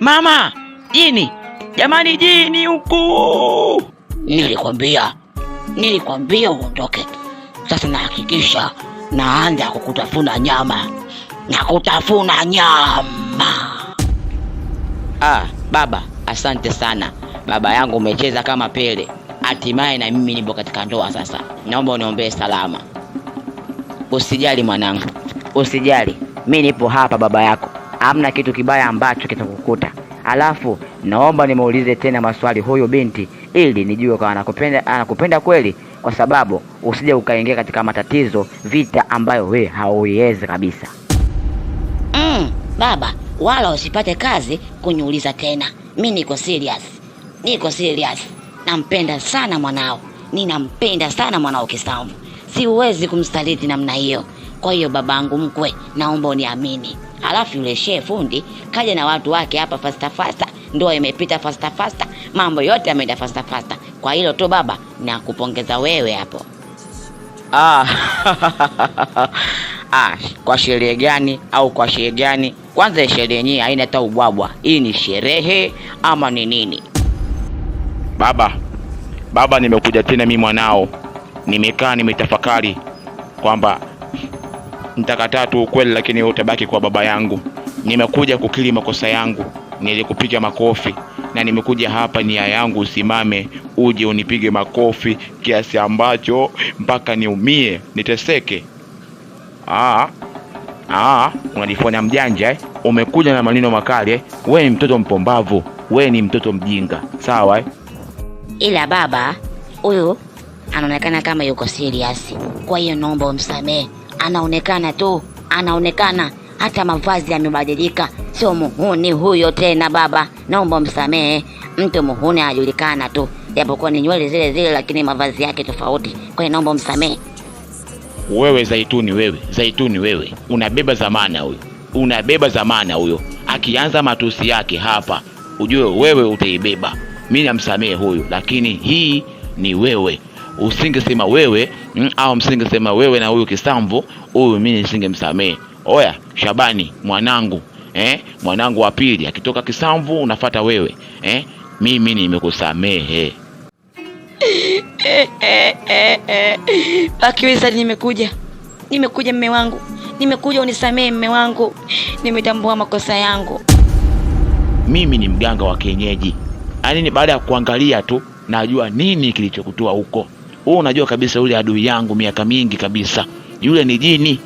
Mama, jini jamani, jini huku! Nilikwambia, nilikwambia uondoke. Sasa nahakikisha naanza kukutafuna nyama na kutafuna nyama. Ah, baba, asante sana baba yangu, umecheza kama Pele. Hatimaye na mimi nipo katika ndoa sasa. Naomba uniombee salama. Usijali mwanangu, usijali, mi nipo hapa baba yako amna kitu kibaya ambacho kitakukuta. Alafu naomba nimuulize tena maswali huyu binti, ili nijue kama anakupenda, anakupenda kweli, kwa sababu usije ukaingia katika matatizo, vita ambayo we hauiwezi kabisa. Mm, baba wala usipate kazi kuniuliza tena, mi niko serious, niko serious. Nampenda sana mwanao, ninampenda sana mwanao Kisamvu, siwezi kumsaliti namna hiyo. Kwa hiyo babangu mkwe, naomba uniamini. Alafu yule shehe fundi kaja na watu wake hapa fasta fasta, ndoa imepita fasta fasta, mambo yote yameenda fasta fasta. Kwa hilo tu baba, nakupongeza wewe hapo. Ah, ah, kwa sherehe gani au kwa sherehe gani? Kwanza sherehe yenyewe haina hata ubwabwa. Hii ni sherehe ama ni nini? Baba, baba, nimekuja tena mimi mwanao, nimekaa nimetafakari kwamba nitakataa tu ukweli, lakini wewe utabaki kwa baba yangu. Nimekuja kukiri makosa yangu, nilikupiga makofi na nimekuja hapa, nia yangu usimame, uje unipige makofi kiasi ambacho mpaka niumie, niteseke. Aa, ah, aa, ah, unajifanya mjanja eh? Umekuja na maneno makali eh? We ni mtoto mpombavu, we ni mtoto mjinga, sawa eh? Ila baba huyu anaonekana kama yuko serious, kwa hiyo naomba umsamehe anaonekana tu, anaonekana hata mavazi yamebadilika. Sio muhuni huyo tena baba, naomba msamehe. Mtu muhuni anajulikana tu, japokuwa ni nywele zile zile, lakini mavazi yake tofauti. Kwa hiyo naomba msamehe. Wewe Zaituni, wewe Zaituni, wewe unabeba zamana huyo, unabeba zamana huyo. Akianza matusi yake hapa, ujue wewe utaibeba. Mimi namsamehe huyu, lakini hii ni wewe usingesema wewe mm, au msingesema wewe na huyu kisamvu huyu, mimi nisingemsamehe. Oya Shabani mwanangu eh, mwanangu wa pili akitoka kisamvu unafata wewe eh, mimi nimekusamehe Pakiweza, nimekuja nimekuja mme wangu, nimekuja unisamehe mme wangu, nimetambua makosa yangu. Mimi ni mganga wa kienyeji, yaani baada ya kuangalia tu najua nini kilichokutoa huko wewe unajua kabisa yule adui yangu miaka mingi kabisa, yule ni jini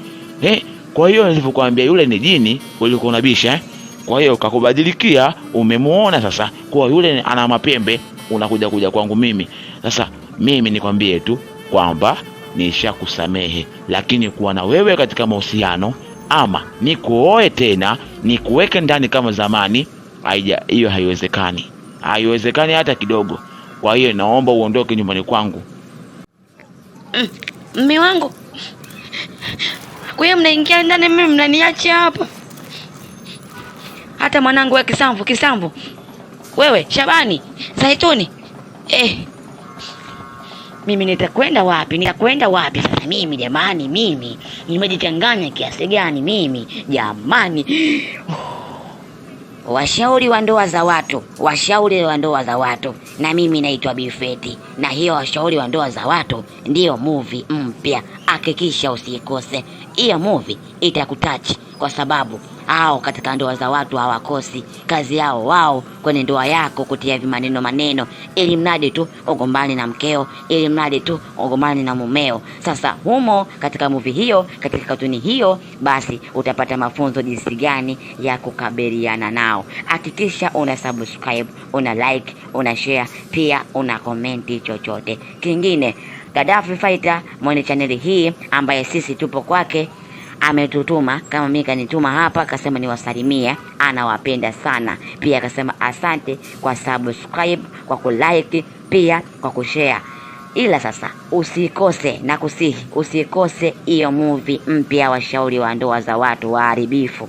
eh. Kwa hiyo nilivyokuambia yule ni jini, ulikuwa unabisha eh? Kwa hiyo kakubadilikia, umemuona sasa kwa yule ana mapembe, unakuja kuja kwangu mimi. Sasa mimi nikwambie tu kwamba nishakusamehe, lakini kuwa na wewe katika mahusiano ama nikuoe tena nikuweke ndani kama zamani, hiyo haiwezekani, haiwezekani hata kidogo. Kwa hiyo naomba uondoke nyumbani kwangu. Mme mm, wangu, kwa hiyo mnaingia ndani, mimi mnaniacha hapa? Hata mwanangu wa Kisamvu, Kisamvu wewe, Shabani, Zaituni, eh, mimi nitakwenda wapi? Nitakwenda wapi sasa mimi? Jamani, mimi nimejichanganya kiasi gani mimi jamani? washauri wa ndoa za watu, washauri wa ndoa za watu. Na mimi naitwa Bifeti, na hiyo washauri wa ndoa za watu ndiyo movie mpya, hakikisha usikose hiyo movie itakutachi kwa sababu au katika ndoa za watu hawakosi kazi yao wao kwenye ndoa yako kutia vimaneno maneno, ili mradi tu ugombani na mkeo, ili mradi tu ugombani na mumeo. Sasa humo katika muvi hiyo, katika katuni hiyo, basi utapata mafunzo jinsi gani ya kukabiliana nao. Hakikisha una subscribe, una like, una share, pia una komenti chochote kingine. Gaddafi Fighter mwenye chaneli hii ambaye sisi tupo kwake ametutuma kama mimi, kanituma hapa, akasema niwasalimie, anawapenda sana pia. Akasema asante kwa subscribe, kwa kulike, pia kwa kushare. Ila sasa usikose na kusihi, usikose hiyo movie mpya, washauri wa ndoa za watu waharibifu.